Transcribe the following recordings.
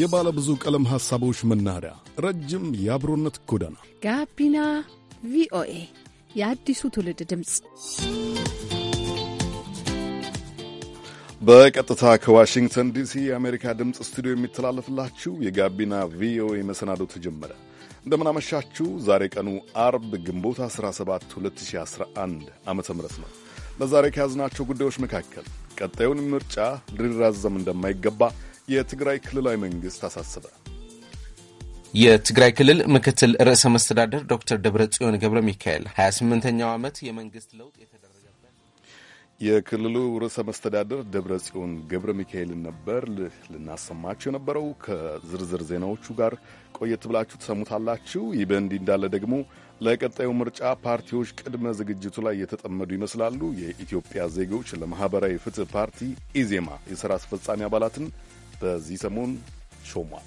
የባለ ብዙ ቀለም ሐሳቦች መናኸሪያ፣ ረጅም የአብሮነት ጎዳና፣ ጋቢና ቪኦኤ የአዲሱ ትውልድ ድምፅ በቀጥታ ከዋሽንግተን ዲሲ የአሜሪካ ድምፅ ስቱዲዮ የሚተላለፍላችሁ የጋቢና ቪኦኤ መሰናዶ ተጀመረ። እንደምናመሻችሁ። ዛሬ ቀኑ አርብ ግንቦት 17 2011 ዓ ም ነው። ለዛሬ ከያዝናቸው ጉዳዮች መካከል ቀጣዩን ምርጫ ሊራዘም እንደማይገባ የትግራይ ክልላዊ መንግሥት አሳሰበ። የትግራይ ክልል ምክትል ርዕሰ መስተዳደር ዶክተር ደብረ ጽዮን ገብረ ሚካኤል 28ኛው ዓመት የመንግሥት ለውጥ የተደረገበት የክልሉ ርዕሰ መስተዳደር ደብረ ጽዮን ገብረ ሚካኤልን ነበር ልናሰማችሁ የነበረው። ከዝርዝር ዜናዎቹ ጋር ቆየት ብላችሁ ትሰሙታላችሁ። ይህ በእንዲህ እንዳለ ደግሞ ለቀጣዩ ምርጫ ፓርቲዎች ቅድመ ዝግጅቱ ላይ የተጠመዱ ይመስላሉ። የኢትዮጵያ ዜጎች ለማኅበራዊ ፍትህ ፓርቲ ኢዜማ የሥራ አስፈጻሚ አባላትን በዚህ ሰሞን ሾሟል።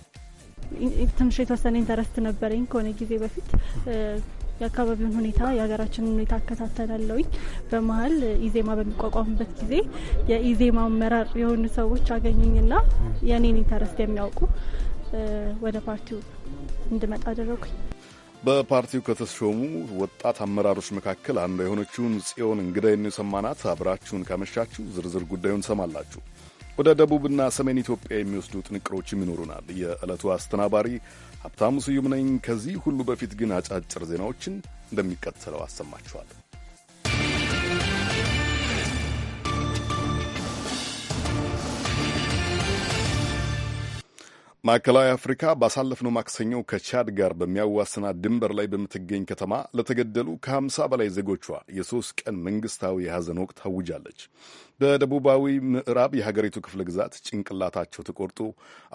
ትንሽ የተወሰነ ኢንተረስት ነበረኝ ከሆነ ጊዜ በፊት የአካባቢውን ሁኔታ የሀገራችንን ሁኔታ አከታተላለሁኝ። በመሀል ኢዜማ በሚቋቋምበት ጊዜ የኢዜማ አመራር የሆኑ ሰዎች አገኙኝና የእኔን ኢንተረስት የሚያውቁ ወደ ፓርቲው እንድመጣ አደረጉኝ። በፓርቲው ከተሾሙ ወጣት አመራሮች መካከል አንዷ የሆነችውን ጽዮን እንግዳይን የሰማናት። አብራችሁን ካመሻችሁ ዝርዝር ጉዳዩን ሰማላችሁ። ወደ ደቡብና ሰሜን ኢትዮጵያ የሚወስዱ ጥንቅሮችም ይኖሩናል። የዕለቱ አስተናባሪ ሀብታሙ ስዩም ነኝ። ከዚህ ሁሉ በፊት ግን አጫጭር ዜናዎችን እንደሚቀጥለው አሰማችኋል። ማዕከላዊ አፍሪካ ባሳለፍነው ማክሰኞ ከቻድ ጋር በሚያዋስና ድንበር ላይ በምትገኝ ከተማ ለተገደሉ ከ50 በላይ ዜጎቿ የሶስት ቀን መንግስታዊ የሐዘን ወቅት አውጃለች። በደቡባዊ ምዕራብ የሀገሪቱ ክፍለ ግዛት ጭንቅላታቸው ተቆርጦ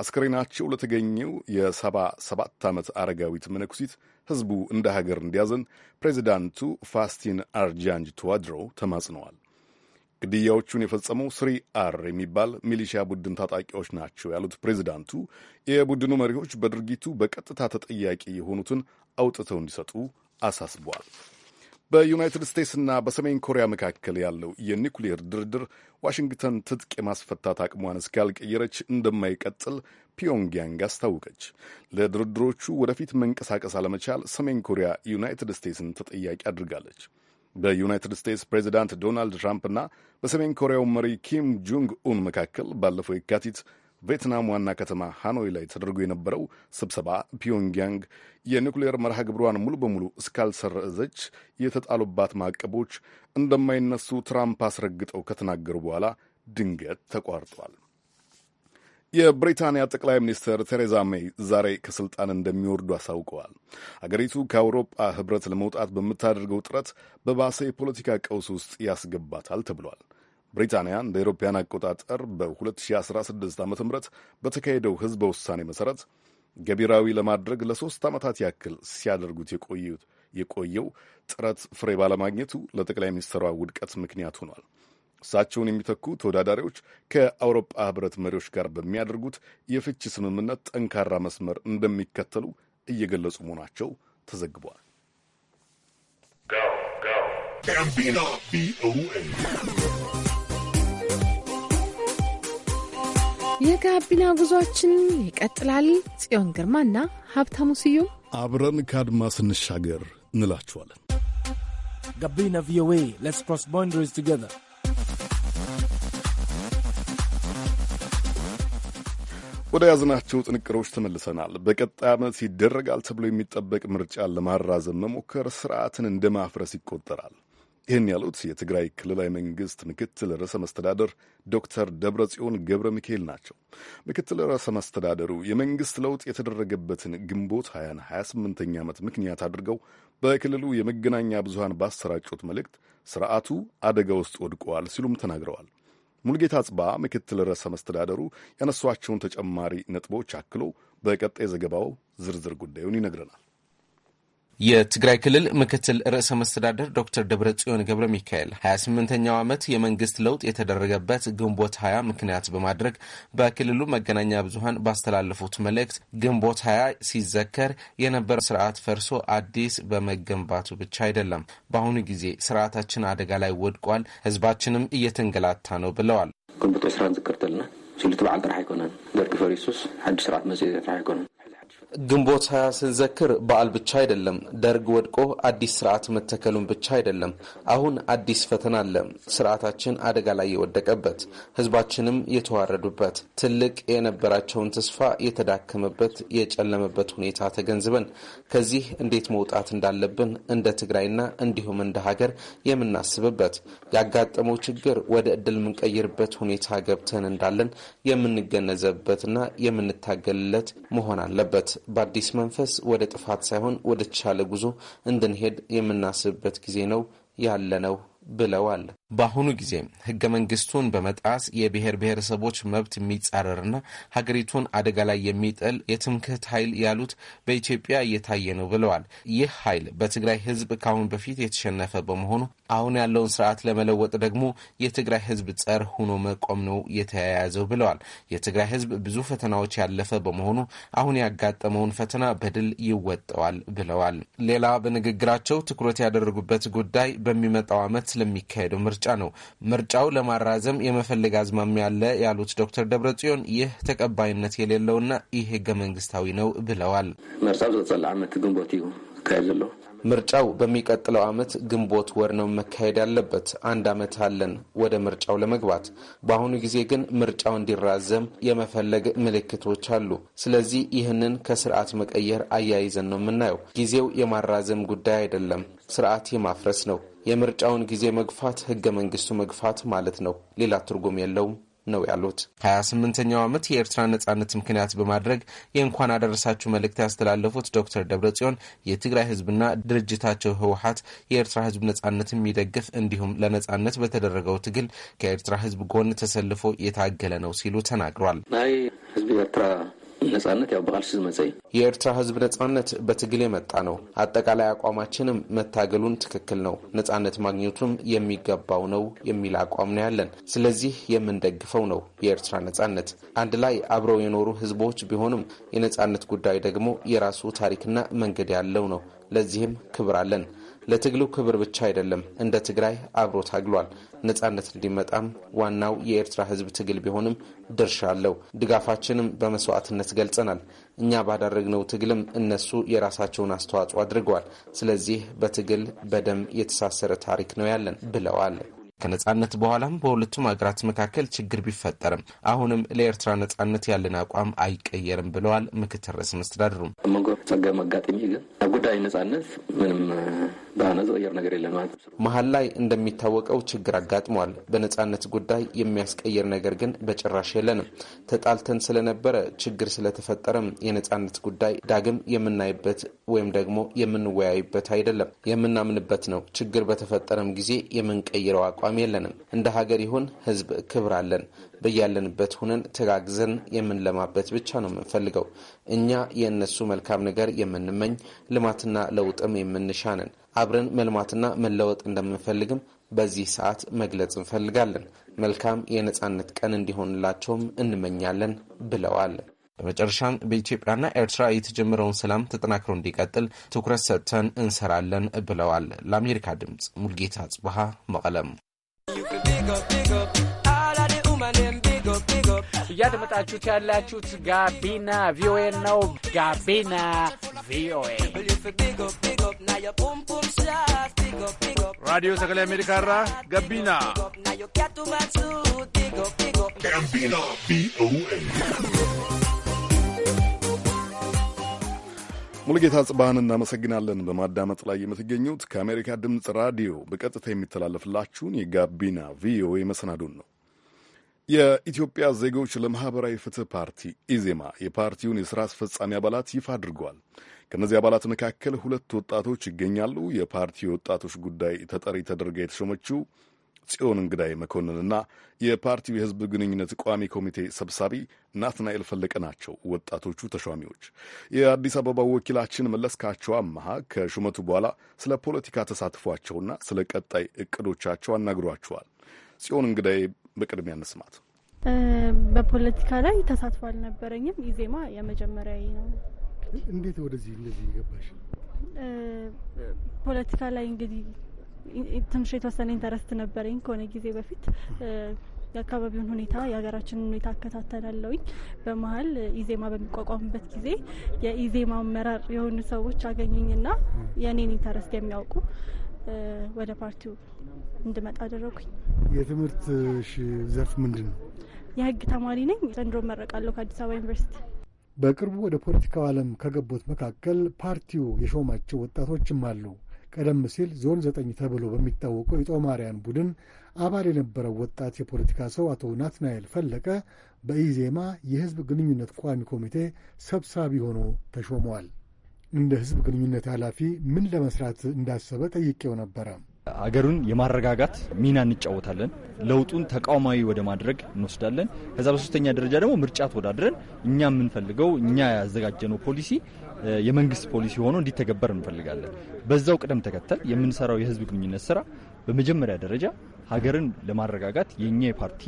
አስከሬናቸው ለተገኘው የ77 ዓመት አረጋዊት መነኩሲት ህዝቡ እንደ ሀገር እንዲያዘን ፕሬዚዳንቱ ፋስቲን አርጃንጅ ተዋድረው ተማጽነዋል። ግድያዎቹን የፈጸመው ስሪ አር የሚባል ሚሊሺያ ቡድን ታጣቂዎች ናቸው ያሉት ፕሬዚዳንቱ የቡድኑ መሪዎች በድርጊቱ በቀጥታ ተጠያቂ የሆኑትን አውጥተው እንዲሰጡ አሳስበዋል። በዩናይትድ ስቴትስና በሰሜን ኮሪያ መካከል ያለው የኒኩሌር ድርድር ዋሽንግተን ትጥቅ የማስፈታት አቅሟን እስካልቀየረች እንደማይቀጥል ፒዮንግያንግ አስታወቀች። ለድርድሮቹ ወደፊት መንቀሳቀስ አለመቻል ሰሜን ኮሪያ ዩናይትድ ስቴትስን ተጠያቂ አድርጋለች። በዩናይትድ ስቴትስ ፕሬዚዳንት ዶናልድ ትራምፕና በሰሜን ኮሪያው መሪ ኪም ጁንግ ኡን መካከል ባለፈው የካቲት ቬትናም ዋና ከተማ ሃኖይ ላይ ተደርጎ የነበረው ስብሰባ ፒዮንግያንግ የኒውክሌር መርሃ ግብሯን ሙሉ በሙሉ እስካልሰረዘች የተጣሉባት ማዕቀቦች እንደማይነሱ ትራምፕ አስረግጠው ከተናገሩ በኋላ ድንገት ተቋርጧል። የብሪታንያ ጠቅላይ ሚኒስትር ቴሬዛ ሜይ ዛሬ ከስልጣን እንደሚወርዱ አሳውቀዋል። አገሪቱ ከአውሮፓ ህብረት ለመውጣት በምታደርገው ጥረት በባሰ የፖለቲካ ቀውስ ውስጥ ያስገባታል ተብሏል። ብሪታንያ እንደ አውሮፓውያን አቆጣጠር በ2016 ዓ ም በተካሄደው ሕዝበ ውሳኔ መሠረት ገቢራዊ ለማድረግ ለሦስት ዓመታት ያክል ሲያደርጉት የቆየው ጥረት ፍሬ ባለማግኘቱ ለጠቅላይ ሚኒስትሯ ውድቀት ምክንያት ሆኗል። እሳቸውን የሚተኩ ተወዳዳሪዎች ከአውሮፓ ህብረት መሪዎች ጋር በሚያደርጉት የፍቺ ስምምነት ጠንካራ መስመር እንደሚከተሉ እየገለጹ መሆናቸው ተዘግቧል። የጋቢና ጉዟችን ይቀጥላል። ጽዮን ግርማና ሀብታሙ ስዩም አብረን ከአድማ ስንሻገር እንላችኋለን። ጋቢና ቪኦኤ ሌትስ ክሮስ ቦንደሪስ ቱጌዘር ወደ ያዝናቸው ጥንቅሮች ተመልሰናል። በቀጣይ ዓመት ይደረጋል ተብሎ የሚጠበቅ ምርጫ ለማራዘም መሞከር ስርዓትን እንደ ማፍረስ ይቆጠራል። ይህን ያሉት የትግራይ ክልላዊ መንግሥት ምክትል ርዕሰ መስተዳደር ዶክተር ደብረ ጽዮን ገብረ ሚካኤል ናቸው። ምክትል ርዕሰ መስተዳደሩ የመንግሥት ለውጥ የተደረገበትን ግንቦት 20 28ኛ ዓመት ምክንያት አድርገው በክልሉ የመገናኛ ብዙሃን ባሰራጩት መልእክት ስርዓቱ አደጋ ውስጥ ወድቀዋል ሲሉም ተናግረዋል። ሙልጌታ ጽባ ምክትል ርዕሰ መስተዳደሩ ያነሷቸውን ተጨማሪ ነጥቦች አክሎ በቀጣይ ዘገባው ዝርዝር ጉዳዩን ይነግረናል። የትግራይ ክልል ምክትል ርዕሰ መስተዳደር ዶክተር ደብረ ጽዮን ገብረ ሚካኤል 28ኛው ዓመት የመንግስት ለውጥ የተደረገበት ግንቦት 20 ምክንያት በማድረግ በክልሉ መገናኛ ብዙሀን ባስተላለፉት መልእክት ግንቦት 20 ሲዘከር የነበረ ስርዓት ፈርሶ አዲስ በመገንባቱ ብቻ አይደለም፣ በአሁኑ ጊዜ ስርዓታችን አደጋ ላይ ወድቋል፣ ህዝባችንም እየተንገላታ ነው ብለዋል። ግንቦት 20 ንዝክር ተለና በዓል ጥራሕ አይኮነን ደርጊ ፈሪሱስ ሓዱሽ ስርዓት መጽ ጥራሕ አይኮነን ግንቦት ሀያ ስንዘክር በዓል ብቻ አይደለም። ደርግ ወድቆ አዲስ ስርዓት መተከሉን ብቻ አይደለም። አሁን አዲስ ፈተና አለ። ስርዓታችን አደጋ ላይ የወደቀበት፣ ህዝባችንም የተዋረዱበት፣ ትልቅ የነበራቸውን ተስፋ የተዳከመበት፣ የጨለመበት ሁኔታ ተገንዝበን ከዚህ እንዴት መውጣት እንዳለብን እንደ ትግራይና እንዲሁም እንደ ሀገር የምናስብበት፣ ያጋጠመው ችግር ወደ እድል የምንቀይርበት ሁኔታ ገብተን እንዳለን የምንገነዘብበትና የምንታገልለት መሆን አለበት። አለበት። በአዲስ መንፈስ ወደ ጥፋት ሳይሆን ወደ ተሻለ ጉዞ እንድንሄድ የምናስብበት ጊዜ ነው ያለነው ብለዋል። በአሁኑ ጊዜ ህገ መንግስቱን በመጣስ የብሔር ብሔረሰቦች መብት የሚጻረርና ሀገሪቱን አደጋ ላይ የሚጥል የትምክህት ኃይል ያሉት በኢትዮጵያ እየታየ ነው ብለዋል። ይህ ኃይል በትግራይ ህዝብ ከአሁን በፊት የተሸነፈ በመሆኑ አሁን ያለውን ስርዓት ለመለወጥ ደግሞ የትግራይ ህዝብ ጸር ሆኖ መቆም ነው የተያያዘው ብለዋል። የትግራይ ህዝብ ብዙ ፈተናዎች ያለፈ በመሆኑ አሁን ያጋጠመውን ፈተና በድል ይወጠዋል ብለዋል። ሌላ በንግግራቸው ትኩረት ያደረጉበት ጉዳይ በሚመጣው ዓመት ስለሚካሄደው ምርጫ ነው። ምርጫው ለማራዘም የመፈለግ አዝማሚያ አለ ያሉት ዶክተር ደብረጽዮን ይህ ተቀባይነት የሌለውና ይህ ህገ መንግስታዊ ነው ብለዋል። ምርጫው ዘጸላ ዓመት ግንቦት እዩ ካሄድ ዘሎ ምርጫው በሚቀጥለው ዓመት ግንቦት ወር ነው መካሄድ ያለበት። አንድ ዓመት አለን ወደ ምርጫው ለመግባት። በአሁኑ ጊዜ ግን ምርጫው እንዲራዘም የመፈለግ ምልክቶች አሉ። ስለዚህ ይህንን ከስርዓት መቀየር አያይዘን ነው የምናየው። ጊዜው የማራዘም ጉዳይ አይደለም፣ ስርዓት የማፍረስ ነው። የምርጫውን ጊዜ መግፋት ህገ መንግስቱ መግፋት ማለት ነው። ሌላ ትርጉም የለውም ነው ያሉት። ሀያ ስምንተኛው ዓመት የኤርትራ ነጻነት ምክንያት በማድረግ የእንኳን አደረሳችሁ መልእክት ያስተላለፉት ዶክተር ደብረጽዮን የትግራይ ህዝብና ድርጅታቸው ህወሀት የኤርትራ ህዝብ ነጻነት የሚደግፍ እንዲሁም ለነጻነት በተደረገው ትግል ከኤርትራ ህዝብ ጎን ተሰልፎ የታገለ ነው ሲሉ ተናግሯል። ናይ ህዝቢ ኤርትራ ነጻነት ያው በቃል ዝመፀ የኤርትራ ህዝብ ነጻነት በትግል የመጣ ነው። አጠቃላይ አቋማችንም መታገሉን ትክክል ነው፣ ነጻነት ማግኘቱም የሚገባው ነው የሚል አቋም ነው ያለን። ስለዚህ የምንደግፈው ነው የኤርትራ ነጻነት። አንድ ላይ አብረው የኖሩ ህዝቦች ቢሆንም የነጻነት ጉዳይ ደግሞ የራሱ ታሪክና መንገድ ያለው ነው። ለዚህም ክብር አለን። ለትግሉ ክብር ብቻ አይደለም፣ እንደ ትግራይ አብሮ ታግሏል። ነጻነት እንዲመጣም ዋናው የኤርትራ ህዝብ ትግል ቢሆንም ድርሻ አለው። ድጋፋችንም በመስዋዕትነት ገልጸናል። እኛ ባደረግነው ትግልም እነሱ የራሳቸውን አስተዋጽኦ አድርገዋል። ስለዚህ በትግል በደም የተሳሰረ ታሪክ ነው ያለን ብለዋል። ከነጻነት በኋላም በሁለቱም ሀገራት መካከል ችግር ቢፈጠርም አሁንም ለኤርትራ ነጻነት ያለን አቋም አይቀየርም ብለዋል ምክትል ርዕሰ መስተዳድሩ። ጸጋ መጋጠሚ ግን ጉዳይ ነጻነት ምንም ባህነ ነገር የለ ማለት መሀል ላይ እንደሚታወቀው ችግር አጋጥሟል። በነጻነት ጉዳይ የሚያስቀየር ነገር ግን በጭራሽ የለንም። ተጣልተን ስለነበረ ችግር ስለተፈጠረም የነጻነት ጉዳይ ዳግም የምናይበት ወይም ደግሞ የምንወያይበት አይደለም። የምናምንበት ነው። ችግር በተፈጠረም ጊዜ የምንቀይረው አቋም አቋም የለንም። እንደ ሀገር ይሁን ህዝብ ክብር አለን። በያለንበት ሁነን ተጋግዘን የምንለማበት ብቻ ነው የምንፈልገው። እኛ የእነሱ መልካም ነገር የምንመኝ ልማትና ለውጥም የምንሻንን አብረን መልማትና መለወጥ እንደምንፈልግም በዚህ ሰዓት መግለጽ እንፈልጋለን። መልካም የነጻነት ቀን እንዲሆንላቸውም እንመኛለን ብለዋል። በመጨረሻም በኢትዮጵያና ኤርትራ የተጀመረውን ሰላም ተጠናክሮ እንዲቀጥል ትኩረት ሰጥተን እንሰራለን ብለዋል። ለአሜሪካ ድምፅ ሙልጌታ ጽብሃ መቀለም እያደመጣችሁት ያላችሁት ጋቢና ቪኦኤ ነው። ጋቢና ቪኦኤ ራዲዮ ሰገሌ አሜሪካ ራ ጋቢና ጋቢና ቪኦኤ ሙሉጌታ ጽባህን እናመሰግናለን። በማዳመጥ ላይ የምትገኙት ከአሜሪካ ድምፅ ራዲዮ በቀጥታ የሚተላለፍላችሁን የጋቢና ቪኦኤ መሰናዶን ነው። የኢትዮጵያ ዜጎች ለማኅበራዊ ፍትህ ፓርቲ ኢዜማ የፓርቲውን የሥራ አስፈጻሚ አባላት ይፋ አድርገዋል። ከእነዚህ አባላት መካከል ሁለት ወጣቶች ይገኛሉ። የፓርቲ ወጣቶች ጉዳይ ተጠሪ ተደርጋ የተሾመችው ጽዮን እንግዳይ መኮንንና የፓርቲው የህዝብ ግንኙነት ቋሚ ኮሚቴ ሰብሳቢ ናትናኤል ፈለቀ ናቸው ወጣቶቹ ተሿሚዎች። የአዲስ አበባ ወኪላችን መለስካቸው አመሃ ከሹመቱ በኋላ ስለ ፖለቲካ ተሳትፏቸውና ስለ ቀጣይ እቅዶቻቸው አናግሯቸዋል። ጽዮን እንግዳይ በቅድሚያ እንስማት። በፖለቲካ ላይ ተሳትፎ አልነበረኝም። ኢዜማ የመጀመሪያ ነው። እንዴት ወደዚህ እንደዚህ ገባሽ? ፖለቲካ ላይ እንግዲህ ትንሽ የተወሰነ ኢንተረስት ነበረኝ ከሆነ ጊዜ በፊት የአካባቢውን ሁኔታ የሀገራችንን ሁኔታ አከታተላለውኝ። በመሀል ኢዜማ በሚቋቋምበት ጊዜ የኢዜማ አመራር የሆኑ ሰዎች አገኙኝና የእኔን ኢንተረስት የሚያውቁ ወደ ፓርቲው እንድመጣ አደረጉኝ። የትምህርት ዘርፍ ምንድን ነው? የህግ ተማሪ ነኝ። ዘንድሮ መረቃለሁ ከአዲስ አበባ ዩኒቨርሲቲ። በቅርቡ ወደ ፖለቲካው ዓለም ከገቡት መካከል ፓርቲው የሾማቸው ወጣቶችም አሉ። ቀደም ሲል ዞን ዘጠኝ ተብሎ በሚታወቀው የጦማርያን ቡድን አባል የነበረው ወጣት የፖለቲካ ሰው አቶ ናትናኤል ፈለቀ በኢዜማ የህዝብ ግንኙነት ቋሚ ኮሚቴ ሰብሳቢ ሆኖ ተሾመዋል። እንደ ህዝብ ግንኙነት ኃላፊ ምን ለመስራት እንዳሰበ ጠይቄው ነበረ። አገሩን የማረጋጋት ሚና እንጫወታለን። ለውጡን ተቃውማዊ ወደ ማድረግ እንወስዳለን። ከዛ በሶስተኛ ደረጃ ደግሞ ምርጫ ተወዳድረን እኛ የምንፈልገው እኛ ያዘጋጀነው ፖሊሲ የመንግስት ፖሊሲ ሆኖ እንዲተገበር እንፈልጋለን። በዛው ቅደም ተከተል የምንሰራው የህዝብ ግንኙነት ስራ በመጀመሪያ ደረጃ ሀገርን ለማረጋጋት የኛ የፓርቲ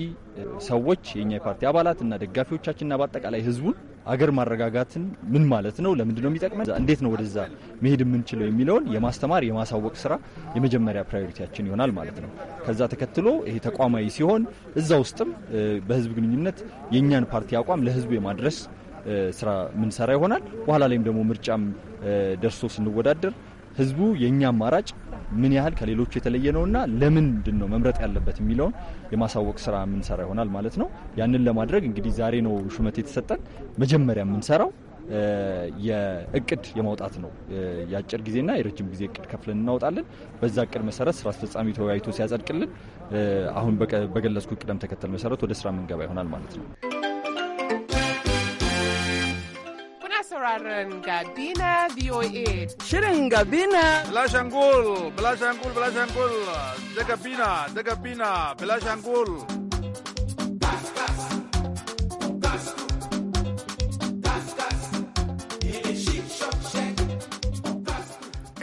ሰዎች የኛ የፓርቲ አባላት እና ደጋፊዎቻችንና በአጠቃላይ ህዝቡን ሀገር ማረጋጋትን ምን ማለት ነው፣ ለምንድን ነው የሚጠቅመን፣ እንዴት ነው ወደዛ መሄድ የምንችለው የሚለውን የማስተማር የማሳወቅ ስራ የመጀመሪያ ፕራዮሪቲያችን ይሆናል ማለት ነው። ከዛ ተከትሎ ይሄ ተቋማዊ ሲሆን እዛ ውስጥም በህዝብ ግንኙነት የእኛን ፓርቲ አቋም ለህዝቡ የማድረስ ስራ ምንሰራ ይሆናል። በኋላ ላይም ደግሞ ምርጫም ደርሶ ስንወዳደር ህዝቡ የእኛ አማራጭ ምን ያህል ከሌሎቹ የተለየ ነውና ለምንድን ነው መምረጥ ያለበት የሚለውን የማሳወቅ ስራ የምንሰራ ይሆናል ማለት ነው። ያንን ለማድረግ እንግዲህ ዛሬ ነው ሹመት የተሰጠን። መጀመሪያ የምንሰራው የእቅድ የማውጣት ነው። የአጭር ጊዜና የረጅም ጊዜ እቅድ ከፍለን እናውጣለን። በዛ እቅድ መሰረት ስራ አስፈጻሚ ተወያይቶ ሲያጸድቅልን አሁን በገለጽኩት ቅደም ተከተል መሰረት ወደ ስራ ምንገባ ይሆናል ማለት ነው። sauraron Gabina VOA. Shirin Gabina. Bilashangul, Bilashangul, Bilashangul. Da Gabina, da Gabina, Bilashangul.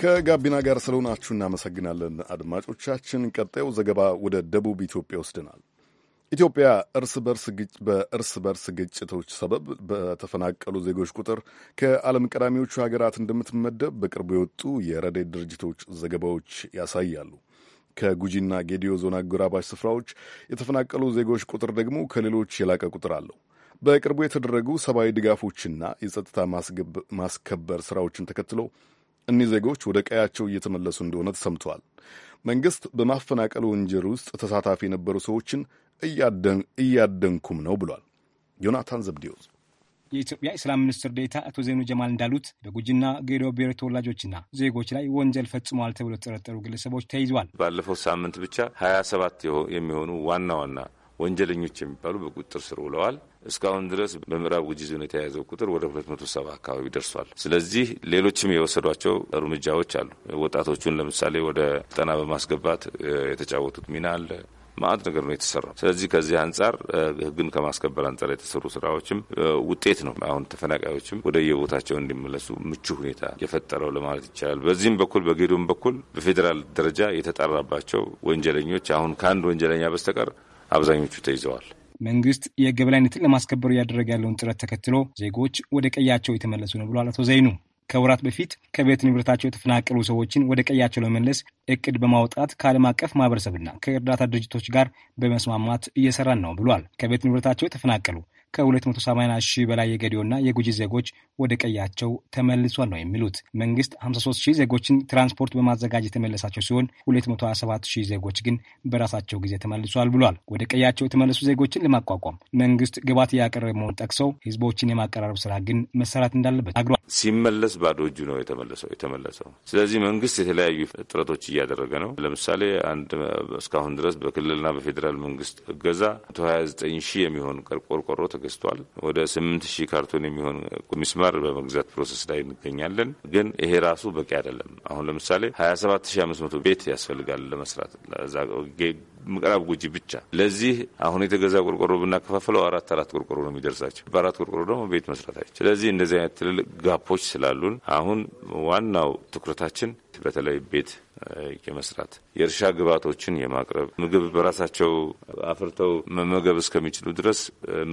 ከጋቢና ጋር ስለሆናችሁ እናመሰግናለን አድማጮቻችን። ቀጣዩ ዘገባ ወደ ደቡብ ኢትዮጵያ ይወስደናል። ኢትዮጵያ እርስ በርስ በእርስ በርስ ግጭቶች ሰበብ በተፈናቀሉ ዜጎች ቁጥር ከዓለም ቀዳሚዎቹ ሀገራት እንደምትመደብ በቅርቡ የወጡ የረዴት ድርጅቶች ዘገባዎች ያሳያሉ። ከጉጂና ጌዲዮ ዞን አጎራባች ስፍራዎች የተፈናቀሉ ዜጎች ቁጥር ደግሞ ከሌሎች የላቀ ቁጥር አለው። በቅርቡ የተደረጉ ሰብአዊ ድጋፎችና የጸጥታ ማስከበር ስራዎችን ተከትሎ እኒህ ዜጎች ወደ ቀያቸው እየተመለሱ እንደሆነ ተሰምተዋል። መንግሥት በማፈናቀሉ ወንጀል ውስጥ ተሳታፊ የነበሩ ሰዎችን እያደንኩም ነው ብሏል። ዮናታን ዘብዴዎስ የኢትዮጵያ የሰላም ሚኒስትር ዴታ አቶ ዜኑ ጀማል እንዳሉት በጉጂና ጌዶ ብሔር ተወላጆችና ዜጎች ላይ ወንጀል ፈጽመዋል ተብሎ የተጠረጠሩ ግለሰቦች ተይዟል። ባለፈው ሳምንት ብቻ ሀያ ሰባት የሚሆኑ ዋና ዋና ወንጀለኞች የሚባሉ በቁጥጥር ስር ውለዋል። እስካሁን ድረስ በምዕራብ ጉጂ ዞን የተያዘው ቁጥር ወደ ሁለት መቶ ሰባ አካባቢ ደርሷል። ስለዚህ ሌሎችም የወሰዷቸው እርምጃዎች አሉ። ወጣቶቹን ለምሳሌ ወደ ጠና በማስገባት የተጫወቱት ሚና አለ። ማዕት ነገር ነው የተሰራው። ስለዚህ ከዚህ አንጻር ህግን ከማስከበር አንጻር የተሰሩ ስራዎችም ውጤት ነው። አሁን ተፈናቃዮችም ወደ የቦታቸው እንዲመለሱ ምቹ ሁኔታ የፈጠረው ለማለት ይቻላል። በዚህም በኩል በጌዶም በኩል በፌዴራል ደረጃ የተጣራባቸው ወንጀለኞች አሁን ከአንድ ወንጀለኛ በስተቀር አብዛኞቹ ተይዘዋል። መንግስት የህግ የበላይነትን ለማስከበር እያደረገ ያለውን ጥረት ተከትሎ ዜጎች ወደ ቀያቸው የተመለሱ ነው ብሏል አቶ ዘይኑ። ከወራት በፊት ከቤት ንብረታቸው የተፈናቀሉ ሰዎችን ወደ ቀያቸው ለመመለስ እቅድ በማውጣት ከዓለም አቀፍ ማህበረሰብና ከእርዳታ ድርጅቶች ጋር በመስማማት እየሰራን ነው ብሏል። ከቤት ንብረታቸው የተፈናቀሉ ከ280 ሺህ በላይ የገዲዮና የጉጂ ዜጎች ወደ ቀያቸው ተመልሷል ነው የሚሉት። መንግስት 53 ሺህ ዜጎችን ትራንስፖርት በማዘጋጀት የተመለሳቸው ሲሆን 227 ሺህ ዜጎች ግን በራሳቸው ጊዜ ተመልሷል ብሏል። ወደ ቀያቸው የተመለሱ ዜጎችን ለማቋቋም መንግስት ግባት እያቀረበ መሆን ጠቅሰው ህዝቦችን የማቀራረብ ስራ ግን መሰራት እንዳለበት አግሯል። ሲመለስ ባዶ እጁ ነው የተመለሰው የተመለሰው። ስለዚህ መንግስት የተለያዩ ጥረቶች እያደረገ ነው። ለምሳሌ አንድ እስካሁን ድረስ በክልልና በፌዴራል መንግስት እገዛ ዘጠኝ ሺህ የሚሆን ቆርቆሮ ተገዝቷል። ወደ 8 ሺህ ካርቶን የሚሆን ሚስማር በመግዛት ፕሮሰስ ላይ እንገኛለን። ግን ይሄ ራሱ በቂ አይደለም። አሁን ለምሳሌ መቶ ቤት ያስፈልጋል ለመስራት ምዕራብ ጉጂ ብቻ። ለዚህ አሁን የተገዛ ቆርቆሮ ብናከፋፍለው አራት አራት ቆርቆሮ ነው የሚደርሳቸው። በአራት ቆርቆሮ ደግሞ ቤት መስራት አይችል። ስለዚህ እንደዚህ አይነት ትልልቅ ጋፖች ስላሉን አሁን ዋናው ትኩረታችን በተለይ ቤት የመስራት የእርሻ ግብዓቶችን የማቅረብ ምግብ በራሳቸው አፍርተው መመገብ እስከሚችሉ ድረስ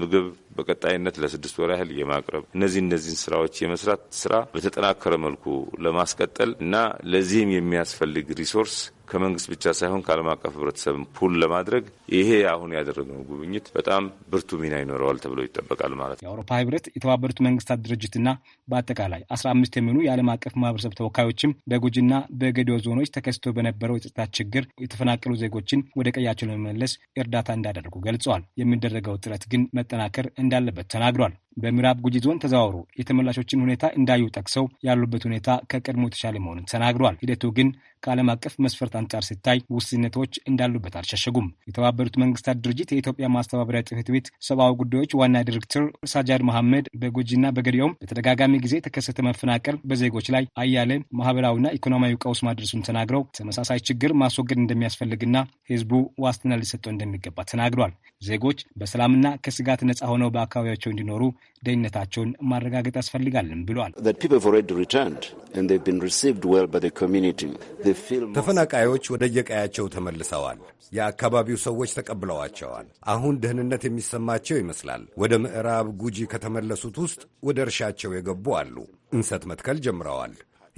ምግብ በቀጣይነት ለስድስት ወር ያህል የማቅረብ እነዚህ እነዚህን ስራዎች የመስራት ስራ በተጠናከረ መልኩ ለማስቀጠል እና ለዚህም የሚያስፈልግ ሪሶርስ ከመንግስት ብቻ ሳይሆን ከዓለም አቀፍ ህብረተሰብን ፑል ለማድረግ ይሄ አሁን ያደረግነው ጉብኝት በጣም ብርቱ ሚና ይኖረዋል ተብሎ ይጠበቃል ማለት ነው። የአውሮፓ ህብረት፣ የተባበሩት መንግስታት ድርጅትና በአጠቃላይ አስራ አምስት የሚሆኑ የዓለም አቀፍ ማህበረሰብ ተወካዮችም በጉጂና በገዲዮ ዞኖች ተከስቶ በነበረው የጸጥታ ችግር የተፈናቀሉ ዜጎችን ወደ ቀያቸው ለመመለስ እርዳታ እንዳደረጉ ገልጸዋል። የሚደረገው ጥረት ግን መጠናከር እንዳለበት ተናግሯል። በምዕራብ ጉጂ ዞን ተዘዋውሮ የተመላሾችን ሁኔታ እንዳዩ ጠቅሰው ያሉበት ሁኔታ ከቀድሞ የተሻለ መሆኑን ተናግረዋል። ሂደቱ ግን ከዓለም አቀፍ መስፈርት አንጻር ሲታይ ውስንነቶች እንዳሉበት አልሸሸጉም። የተባበሩት መንግስታት ድርጅት የኢትዮጵያ ማስተባበሪያ ጽሕፈት ቤት ሰብአዊ ጉዳዮች ዋና ዲሬክተር ሳጃድ መሐመድ በጉጂና በገዲኦም በተደጋጋሚ ጊዜ የተከሰተ መፈናቀል በዜጎች ላይ አያሌ ማህበራዊና ኢኮኖሚያዊ ቀውስ ማድረሱን ተናግረው ተመሳሳይ ችግር ማስወገድ እንደሚያስፈልግና ህዝቡ ዋስትና ሊሰጠው እንደሚገባ ተናግሯል። ዜጎች በሰላምና ከስጋት ነፃ ሆነው በአካባቢያቸው እንዲኖሩ ደህንነታቸውን ማረጋገጥ ያስፈልጋልም ብሏል። ተፈናቃዮች ወደ የቀያቸው ተመልሰዋል። የአካባቢው ሰዎች ተቀብለዋቸዋል። አሁን ደህንነት የሚሰማቸው ይመስላል። ወደ ምዕራብ ጉጂ ከተመለሱት ውስጥ ወደ እርሻቸው የገቡ አሉ። እንሰት መትከል ጀምረዋል።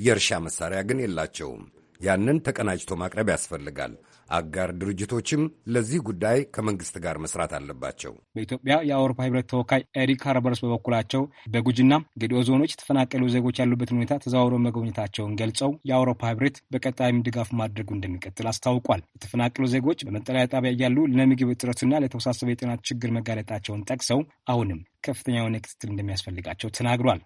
የእርሻ መሳሪያ ግን የላቸውም። ያንን ተቀናጅቶ ማቅረብ ያስፈልጋል። አጋር ድርጅቶችም ለዚህ ጉዳይ ከመንግስት ጋር መስራት አለባቸው። በኢትዮጵያ የአውሮፓ ህብረት ተወካይ ኤሪክ ሃርበርስ በበኩላቸው በጉጂና ገዲኦ ዞኖች የተፈናቀሉ ዜጎች ያሉበትን ሁኔታ ተዘዋውሮ መጎብኘታቸውን ገልጸው የአውሮፓ ህብረት በቀጣይም ድጋፍ ማድረጉ እንደሚቀጥል አስታውቋል። የተፈናቀሉ ዜጎች በመጠለያ ጣቢያ እያሉ ለምግብ እጥረትና ለተወሳሰበ የጤና ችግር መጋለጣቸውን ጠቅሰው አሁንም ከፍተኛ የሆነ ክትትል እንደሚያስፈልጋቸው ተናግሯል።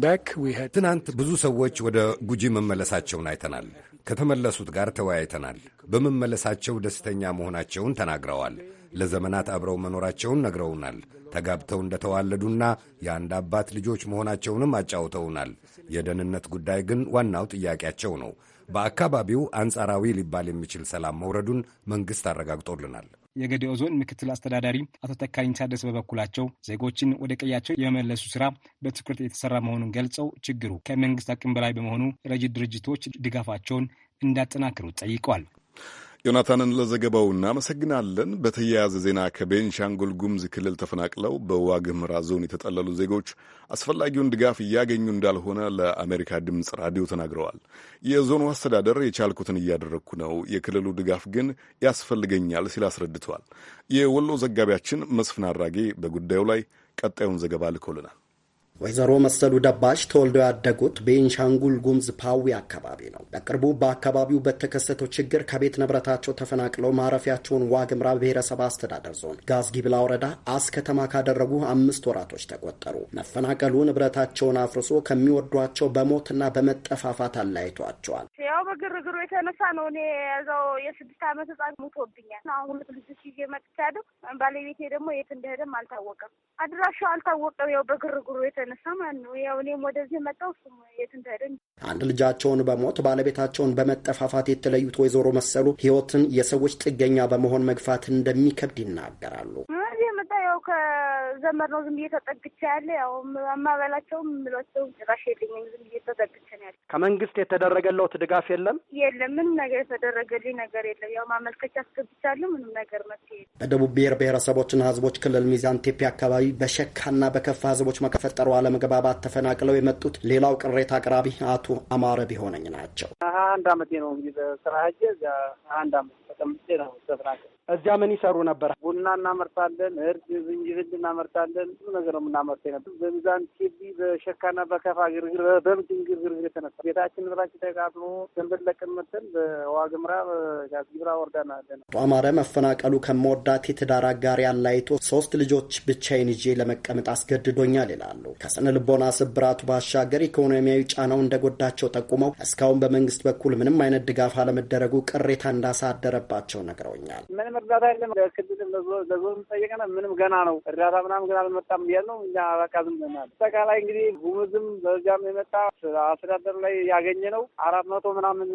uh, ትናንት ብዙ ሰዎች ወደ ጉጂ መመለሳቸውን አይተናል። ከተመለሱት ጋር ተወያይተናል። በመመለሳቸው ደስተኛ መሆናቸውን ተናግረዋል። ለዘመናት አብረው መኖራቸውን ነግረውናል። ተጋብተው እንደተዋለዱና የአንድ አባት ልጆች መሆናቸውንም አጫውተውናል። የደህንነት ጉዳይ ግን ዋናው ጥያቄያቸው ነው። በአካባቢው አንጻራዊ ሊባል የሚችል ሰላም መውረዱን መንግስት አረጋግጦልናል። የገዲኦ ዞን ምክትል አስተዳዳሪ አቶ ተካኝ ታደሰ በበኩላቸው ዜጎችን ወደ ቀያቸው የመለሱ ስራ በትኩረት የተሰራ መሆኑን ገልጸው ችግሩ ከመንግስት አቅም በላይ በመሆኑ ረጅት ድርጅቶች ድጋፋቸውን እንዳጠናክሩ ጠይቀዋል። ዮናታንን ለዘገባው እናመሰግናለን። በተያያዘ ዜና ከቤንሻንጉል ጉምዝ ክልል ተፈናቅለው በዋግምራ ዞን የተጠለሉ ዜጎች አስፈላጊውን ድጋፍ እያገኙ እንዳልሆነ ለአሜሪካ ድምፅ ራዲዮ ተናግረዋል። የዞኑ አስተዳደር የቻልኩትን እያደረግኩ ነው፣ የክልሉ ድጋፍ ግን ያስፈልገኛል ሲል አስረድተዋል። የወሎ ዘጋቢያችን መስፍን አድራጌ በጉዳዩ ላይ ቀጣዩን ዘገባ ልኮልናል። ወይዘሮ መሰሉ ደባሽ ተወልደው ያደጉት ቤንሻንጉል ጉምዝ ፓዊ አካባቢ ነው። በቅርቡ በአካባቢው በተከሰተው ችግር ከቤት ንብረታቸው ተፈናቅለው ማረፊያቸውን ዋግምራ ብሔረሰብ አስተዳደር ዞን ጋዝጊብላ ወረዳ አስ ከተማ ካደረጉ አምስት ወራቶች ተቆጠሩ። መፈናቀሉ ንብረታቸውን አፍርሶ ከሚወዷቸው በሞትና በመጠፋፋት አለያይቷቸዋል። በግርግሩ የተነሳ ነው። እኔ እዛው የስድስት ዓመት ህጻን ሞቶብኛል። አሁን ሁለት ልጆች ይዤ መጥቻለሁ። ባለቤቴ ደግሞ የት እንደሄደም አልታወቀም፣ አድራሻው አልታወቀም። ያው በግርግሩ የተነሳ ማለት ነው። ያው እኔም ወደዚህ መጣሁ፣ እሱም የት እንደሄደ። አንድ ልጃቸውን በሞት ባለቤታቸውን በመጠፋፋት የተለዩት ወይዘሮ መሰሉ ህይወትን የሰዎች ጥገኛ በመሆን መግፋት እንደሚከብድ ይናገራሉ። ያው ከዘመድ ነው ዝም ብዬ ተጠግቼ ያለ ያው አማበላቸውም ምሏቸው ጭራሽ የለኝም። ዝም ብዬ ተጠግቼ ነው ያለ። ከመንግስት የተደረገለት ድጋፍ የለም የለም፣ ምንም ነገር የተደረገልኝ ነገር የለም። ያው ማመልከቻ አስገብቻለሁ፣ ምንም ነገር መፍትሄ በደቡብ ብሔር ብሔረሰቦችና ህዝቦች ክልል ሚዛን ቴፒ አካባቢ በሸካና በከፋ ህዝቦች መከፈጠሩ አለመግባባት ተፈናቅለው የመጡት ሌላው ቅሬታ አቅራቢ አቶ አማረ ቢሆነኝ ናቸው። ሀያ አንድ አመቴ ነው እንግዲህ በስራ ሀጀ ሀያ አንድ አመት አስቀምጬ ነው ስፍራቸ እዚያ ምን ይሰሩ ነበር? ቡና እናመርታለን፣ እርድ፣ ዝንጅብል እናመርታለን። ብዙ ነገር ነው የምናመርተው ነበር። በሚዛን ቲቪ፣ በሸካና በከፋ ግርግር፣ በምድን ግርግር የተነሳ ቤታችን ንብራችን ተቃጥሎ ገንበል ለቀመተን በዋግምራ ጋዝግብራ ወርዳና ያለ አቶ መፈናቀሉ ከመወዳት የትዳር አጋሪ ያላይቶ ሶስት ልጆች ብቻዬን ይዤ ለመቀመጥ አስገድዶኛል ይላሉ። ከስነ ልቦና ስብራቱ ባሻገር ኢኮኖሚያዊ ጫናው እንደጎዳቸው ጠቁመው እስካሁን በመንግስት በኩል ምንም አይነት ድጋፍ አለመደረጉ ቅሬታ እንዳሳደረ እንዳለባቸው ነግረውኛል። ምንም እርዳታ የለም። ክልል ለዞን ጠየቀነ ምንም ገና ነው። እርዳታ ምናምን ግን አልመጣም እያል ነው እኛ በቃ ዝም ብለናል። አጠቃላይ እንግዲህ ጉምዝም በዚያም የመጣ አስተዳደሩ ላይ ያገኘ ነው አራት መቶ ምናምን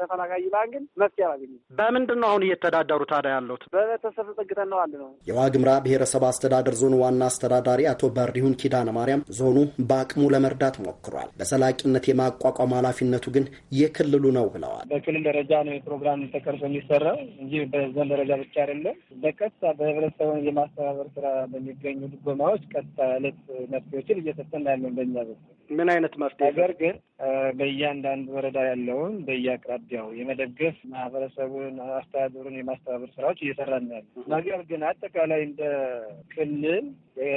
ተፈናቃይ ይላል፣ ግን መፍትሄ አላገኘም። በምንድን ነው አሁን እየተዳደሩ ታዲያ ያለሁት? በቤተሰብ ጠግተን ነው አንድ ነው። የዋግምራ ብሔረሰብ አስተዳደር ዞን ዋና አስተዳዳሪ አቶ በሪሁን ኪዳነ ማርያም ዞኑ በአቅሙ ለመርዳት ሞክሯል፣ በዘላቂነት የማቋቋም ኃላፊነቱ ግን የክልሉ ነው ብለዋል። በክልል ደረጃ ነው የፕሮግራም ተቀርጾ የሚሰራ የሚሰራው እንጂ በዞን ደረጃ ብቻ አይደለም። በቀጥታ በህብረተሰቡን የማስተባበር ስራ በሚገኙ ድጎማዎች ቀጥታ ዕለት መፍትሄዎችን እየሰጠን ያለን በእኛ በኩል ምን አይነት መፍትሄ ነገር ግን በእያንዳንዱ ወረዳ ያለውን በየአቅራቢያው የመደገፍ ማህበረሰቡን አስተዳደሩን የማስተባበር ስራዎች እየሰራን ያለ ነገር ግን አጠቃላይ እንደ ክልል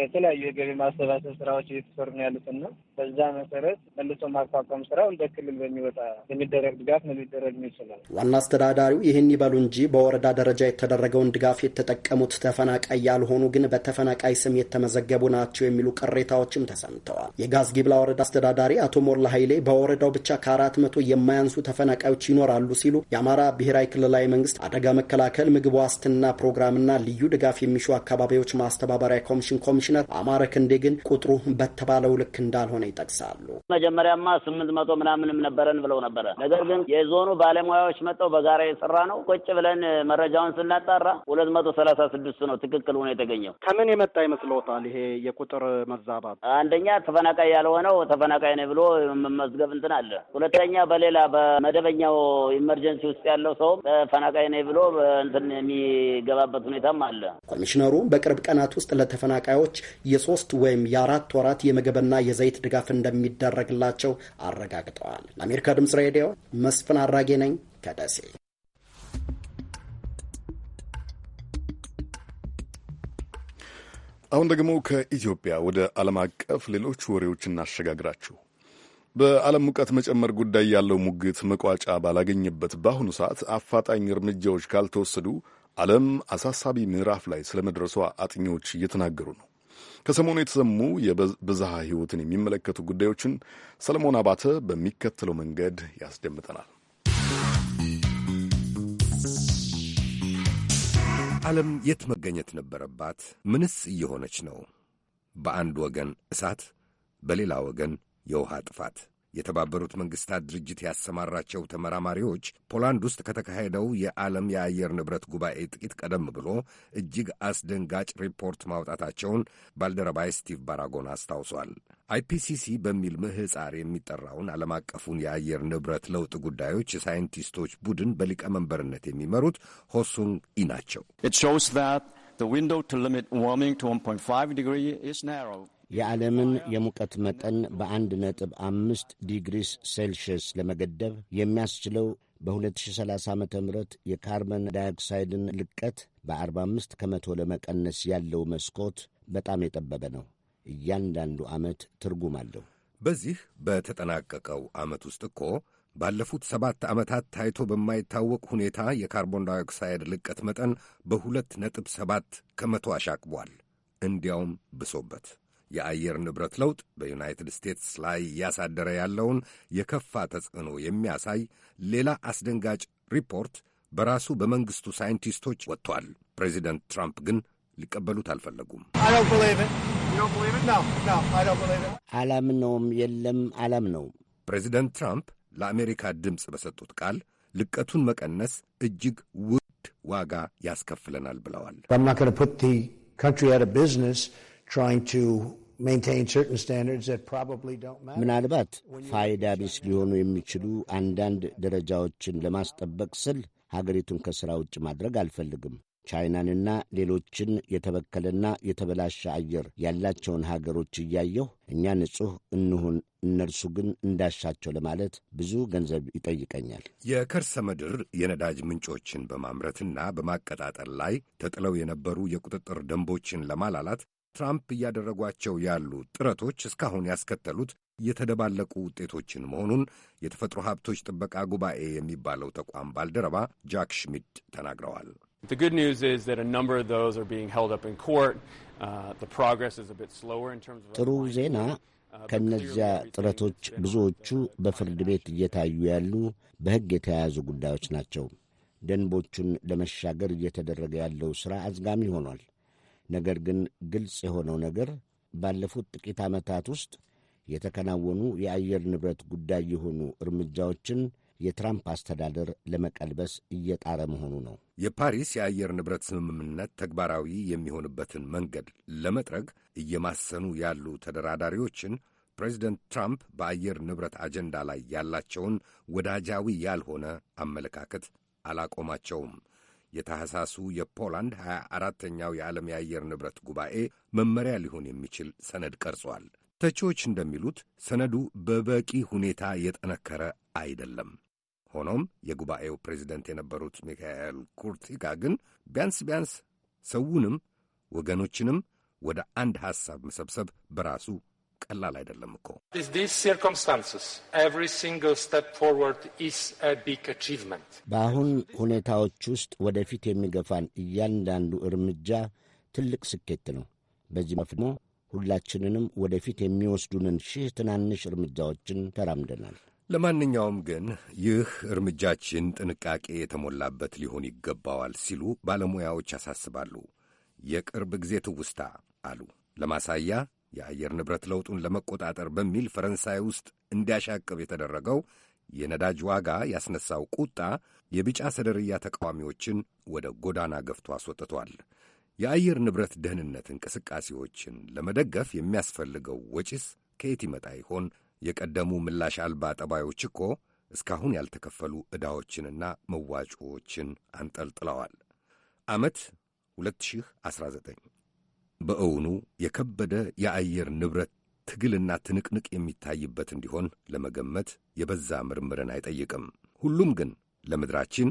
የተለያዩ የገቢ ማሰባሰብ ስራዎች እየተሰሩ ነው ያሉትና በዛ መሰረት መልሶ ማቋቋም ስራው እንደ ክልል በሚወጣ የሚደረግ ድጋፍ ነው ሊደረግ ይችላል። ዋና አስተዳዳሪው ይህን ይበሉ እንጂ በወረዳ ደረጃ የተደረገውን ድጋፍ የተጠቀሙት ተፈናቃይ ያልሆኑ ግን በተፈናቃይ ስም የተመዘገቡ ናቸው የሚሉ ቅሬታዎችም ተሰምተዋል። የጋዝ ጊብላ ወረዳ አስተዳዳሪ አቶ ሞላ ኃይሌ በወረዳው ብቻ ከአራት መቶ የማያንሱ ተፈናቃዮች ይኖራሉ ሲሉ የአማራ ብሔራዊ ክልላዊ መንግስት አደጋ መከላከል ምግብ ዋስትና ፕሮግራምና ልዩ ድጋፍ የሚሹ አካባቢዎች ማስተባበሪያ ኮሚሽን ኮሚሽነር አማረ ክንዴ ግን ቁጥሩ በተባለው ልክ እንዳልሆነ ይጠቅሳሉ። መጀመሪያማ ስምንት መቶ ምናምንም ነበረን ብለው ነበረ። ነገር ግን የዞኑ ባለሙያዎች መጠው በጋራ የሰራ ነው ቁጭ ብለን መረጃውን ስናጣራ ሁለት መቶ ሰላሳ ስድስት ነው ትክክል ሆኖ የተገኘው። ከምን የመጣ ይመስለታል ይሄ የቁጥር መዛባት? አንደኛ ተፈናቃይ ያልሆነው ተፈናቃይ ነው ብሎ መመዝገብ እንትን አለ። ሁለተኛ በሌላ በመደበኛው ኢመርጀንሲ ውስጥ ያለው ሰውም ተፈናቃይ ነው ብሎ እንትን የሚገባበት ሁኔታም አለ። ኮሚሽነሩ በቅርብ ቀናት ውስጥ ለተፈናቃዮች የሶስት ወይም የአራት ወራት የምግብና የዘይት ድጋፍ እንደሚደረግላቸው አረጋግጠዋል። ለአሜሪካ ድምጽ ሬዲዮ መስፍን አራጌ ነኝ ከደሴ። አሁን ደግሞ ከኢትዮጵያ ወደ ዓለም አቀፍ ሌሎች ወሬዎች እናሸጋግራችሁ። በዓለም ሙቀት መጨመር ጉዳይ ያለው ሙግት መቋጫ ባላገኘበት በአሁኑ ሰዓት አፋጣኝ እርምጃዎች ካልተወሰዱ ዓለም አሳሳቢ ምዕራፍ ላይ ስለ መድረሷ አጥኚዎች እየተናገሩ ነው። ከሰሞኑ የተሰሙ የብዝሃ ሕይወትን የሚመለከቱ ጉዳዮችን ሰለሞን አባተ በሚከተለው መንገድ ያስደምጠናል። ዓለም የት መገኘት ነበረባት? ምንስ እየሆነች ነው? በአንድ ወገን እሳት፣ በሌላ ወገን የውሃ ጥፋት የተባበሩት መንግስታት ድርጅት ያሰማራቸው ተመራማሪዎች ፖላንድ ውስጥ ከተካሄደው የዓለም የአየር ንብረት ጉባኤ ጥቂት ቀደም ብሎ እጅግ አስደንጋጭ ሪፖርት ማውጣታቸውን ባልደረባይ ስቲቭ ባራጎን አስታውሷል። አይፒሲሲ በሚል ምህፃር የሚጠራውን ዓለም አቀፉን የአየር ንብረት ለውጥ ጉዳዮች የሳይንቲስቶች ቡድን በሊቀመንበርነት የሚመሩት ሆሱንግ ኢ ናቸው። የዓለምን የሙቀት መጠን በአንድ ነጥብ አምስት ዲግሪስ ሴልሽየስ ለመገደብ የሚያስችለው በ2030 ዓ ም የካርበን ዳይኦክሳይድን ልቀት በ45 ከመቶ ለመቀነስ ያለው መስኮት በጣም የጠበበ ነው። እያንዳንዱ ዓመት ትርጉም አለው። በዚህ በተጠናቀቀው ዓመት ውስጥ እኮ ባለፉት ሰባት ዓመታት ታይቶ በማይታወቅ ሁኔታ የካርቦን ዳይኦክሳይድ ልቀት መጠን በሁለት ነጥብ ሰባት ከመቶ አሻቅቧል። እንዲያውም ብሶበት የአየር ንብረት ለውጥ በዩናይትድ ስቴትስ ላይ እያሳደረ ያለውን የከፋ ተጽዕኖ የሚያሳይ ሌላ አስደንጋጭ ሪፖርት በራሱ በመንግሥቱ ሳይንቲስቶች ወጥቷል። ፕሬዚደንት ትራምፕ ግን ሊቀበሉት አልፈለጉም። አላምነውም፣ የለም አላምነውም። ፕሬዚደንት ትራምፕ ለአሜሪካ ድምፅ በሰጡት ቃል ልቀቱን መቀነስ እጅግ ውድ ዋጋ ያስከፍለናል ብለዋል። ምናልባት ፋይዳ ቢስ ሊሆኑ የሚችሉ አንዳንድ ደረጃዎችን ለማስጠበቅ ስል ሀገሪቱን ከሥራ ውጭ ማድረግ አልፈልግም። ቻይናንና ሌሎችን የተበከለና የተበላሸ አየር ያላቸውን ሀገሮች እያየሁ እኛ ንጹሕ እንሁን፣ እነርሱ ግን እንዳሻቸው ለማለት ብዙ ገንዘብ ይጠይቀኛል። የከርሰ ምድር የነዳጅ ምንጮችን በማምረትና በማቀጣጠር ላይ ተጥለው የነበሩ የቁጥጥር ደንቦችን ለማላላት ትራምፕ እያደረጓቸው ያሉ ጥረቶች እስካሁን ያስከተሉት የተደባለቁ ውጤቶችን መሆኑን የተፈጥሮ ሀብቶች ጥበቃ ጉባኤ የሚባለው ተቋም ባልደረባ ጃክ ሽሚድ ተናግረዋል። uh, ጥሩ ዜና uh, ከእነዚያ ጥረቶች ብዙዎቹ በፍርድ ቤት እየታዩ ያሉ በሕግ የተያያዙ ጉዳዮች ናቸው። ደንቦቹን ለመሻገር እየተደረገ ያለው ሥራ አዝጋሚ ሆኗል። ነገር ግን ግልጽ የሆነው ነገር ባለፉት ጥቂት ዓመታት ውስጥ የተከናወኑ የአየር ንብረት ጉዳይ የሆኑ እርምጃዎችን የትራምፕ አስተዳደር ለመቀልበስ እየጣረ መሆኑ ነው። የፓሪስ የአየር ንብረት ስምምነት ተግባራዊ የሚሆንበትን መንገድ ለመጥረግ እየማሰኑ ያሉ ተደራዳሪዎችን ፕሬዚደንት ትራምፕ በአየር ንብረት አጀንዳ ላይ ያላቸውን ወዳጃዊ ያልሆነ አመለካከት አላቆማቸውም። የታህሳሱ የፖላንድ 24ተኛው የዓለም የአየር ንብረት ጉባኤ መመሪያ ሊሆን የሚችል ሰነድ ቀርጿል። ተቺዎች እንደሚሉት ሰነዱ በበቂ ሁኔታ የጠነከረ አይደለም። ሆኖም የጉባኤው ፕሬዚደንት የነበሩት ሚካኤል ኩርቲካ ግን ቢያንስ ቢያንስ ሰውንም ወገኖችንም ወደ አንድ ሐሳብ መሰብሰብ በራሱ ቀላል አይደለም እኮ። በአሁን ሁኔታዎች ውስጥ ወደፊት የሚገፋን እያንዳንዱ እርምጃ ትልቅ ስኬት ነው። በዚህ መፍሞ ሁላችንንም ወደፊት የሚወስዱንን ሺህ ትናንሽ እርምጃዎችን ተራምደናል። ለማንኛውም ግን ይህ እርምጃችን ጥንቃቄ የተሞላበት ሊሆን ይገባዋል ሲሉ ባለሙያዎች ያሳስባሉ። የቅርብ ጊዜ ትውስታ አሉ ለማሳያ የአየር ንብረት ለውጡን ለመቆጣጠር በሚል ፈረንሳይ ውስጥ እንዲያሻቅብ የተደረገው የነዳጅ ዋጋ ያስነሳው ቁጣ የቢጫ ሰደርያ ተቃዋሚዎችን ወደ ጎዳና ገፍቶ አስወጥቷል። የአየር ንብረት ደህንነት እንቅስቃሴዎችን ለመደገፍ የሚያስፈልገው ወጪስ ከየት ይመጣ ይሆን? የቀደሙ ምላሽ አልባ ጠባዮች እኮ እስካሁን ያልተከፈሉ ዕዳዎችንና መዋጮዎችን አንጠልጥለዋል። ዓመት 2019 በእውኑ የከበደ የአየር ንብረት ትግልና ትንቅንቅ የሚታይበት እንዲሆን ለመገመት የበዛ ምርምርን አይጠይቅም። ሁሉም ግን ለምድራችን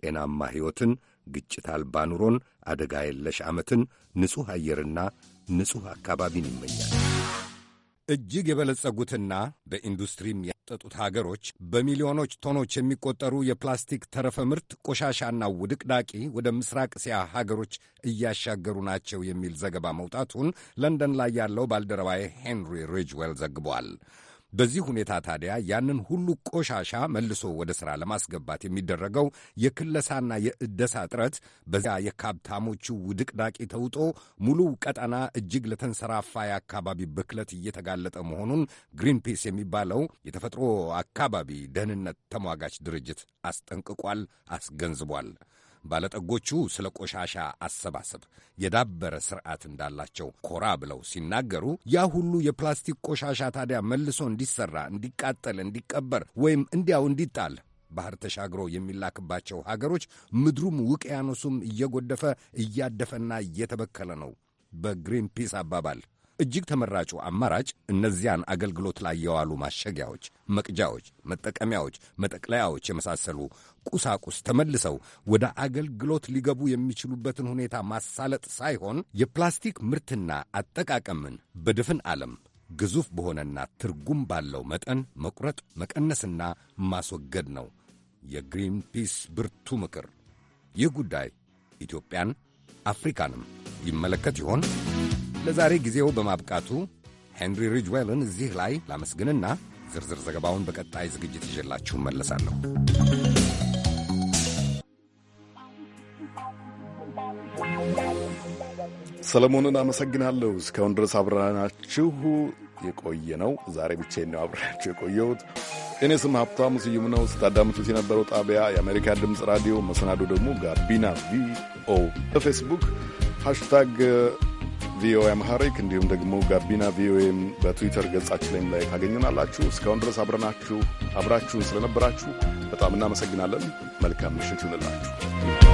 ጤናማ ሕይወትን፣ ግጭት አልባ ኑሮን፣ አደጋ የለሽ ዓመትን፣ ንጹሕ አየርና ንጹሕ አካባቢን ይመኛል። እጅግ የበለጸጉትና በኢንዱስትሪም የተፋጠጡት ሀገሮች በሚሊዮኖች ቶኖች የሚቆጠሩ የፕላስቲክ ተረፈ ምርት ቆሻሻና ውድቅዳቂ ወደ ምስራቅ እስያ ሀገሮች እያሻገሩ ናቸው የሚል ዘገባ መውጣቱን ለንደን ላይ ያለው ባልደረባዬ ሄንሪ ሪጅዌል ዘግቧል። በዚህ ሁኔታ ታዲያ ያንን ሁሉ ቆሻሻ መልሶ ወደ ሥራ ለማስገባት የሚደረገው የክለሳና የእደሳ ጥረት በዚያ የካብታሞቹ ውድቅዳቂ ተውጦ ሙሉ ቀጠና እጅግ ለተንሰራፋ የአካባቢ ብክለት እየተጋለጠ መሆኑን ግሪንፒስ የሚባለው የተፈጥሮ አካባቢ ደህንነት ተሟጋች ድርጅት አስጠንቅቋል፣ አስገንዝቧል። ባለጠጎቹ ስለ ቆሻሻ አሰባሰብ የዳበረ ስርዓት እንዳላቸው ኮራ ብለው ሲናገሩ፣ ያ ሁሉ የፕላስቲክ ቆሻሻ ታዲያ መልሶ እንዲሰራ፣ እንዲቃጠል፣ እንዲቀበር ወይም እንዲያው እንዲጣል ባህር ተሻግሮ የሚላክባቸው ሀገሮች ምድሩም ውቅያኖሱም እየጎደፈ እያደፈና እየተበከለ ነው። በግሪንፒስ አባባል እጅግ ተመራጩ አማራጭ እነዚያን አገልግሎት ላይ የዋሉ ማሸጊያዎች፣ መቅጃዎች፣ መጠቀሚያዎች፣ መጠቅለያዎች የመሳሰሉ ቁሳቁስ ተመልሰው ወደ አገልግሎት ሊገቡ የሚችሉበትን ሁኔታ ማሳለጥ ሳይሆን የፕላስቲክ ምርትና አጠቃቀምን በድፍን ዓለም ግዙፍ በሆነና ትርጉም ባለው መጠን መቁረጥ፣ መቀነስና ማስወገድ ነው የግሪንፒስ ብርቱ ምክር። ይህ ጉዳይ ኢትዮጵያን አፍሪካንም ይመለከት ይሆን? ለዛሬ ጊዜው በማብቃቱ ሄንሪ ሪጅዌልን እዚህ ላይ ላመስግንና ዝርዝር ዘገባውን በቀጣይ ዝግጅት ይዤላችሁ መለሳለሁ። ሰለሞንን አመሰግናለሁ። እስካሁን ድረስ አብረናችሁ የቆየ ነው። ዛሬ ብቻዬን ነው አብረናችሁ የቆየሁት። እኔ ስም ሀብታሙ ስዩም ነው። ስታዳምጡት የነበረው ጣቢያ የአሜሪካ ድምፅ ራዲዮ መሰናዶ ደግሞ ጋቢና ቪኦ በፌስቡክ ሃሽታግ ቪኦኤ አምሃሪክ እንዲሁም ደግሞ ጋቢና ቪኦኤም በትዊተር ገጻችን ላይም ላይ ታገኙናላችሁ። እስካሁን ድረስ አብረናችሁ አብራችሁን ስለነበራችሁ በጣም እናመሰግናለን። መልካም ምሽት ይሁንላችሁ።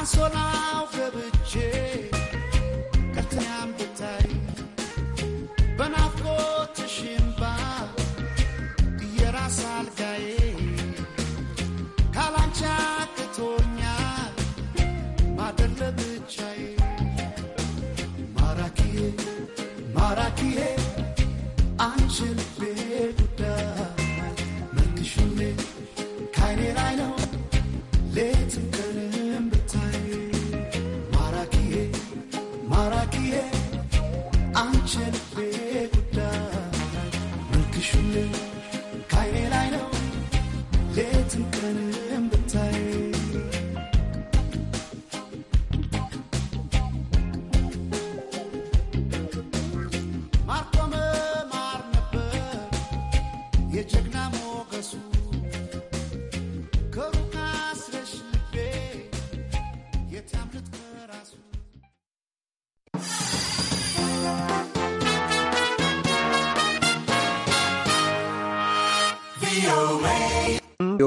nacional.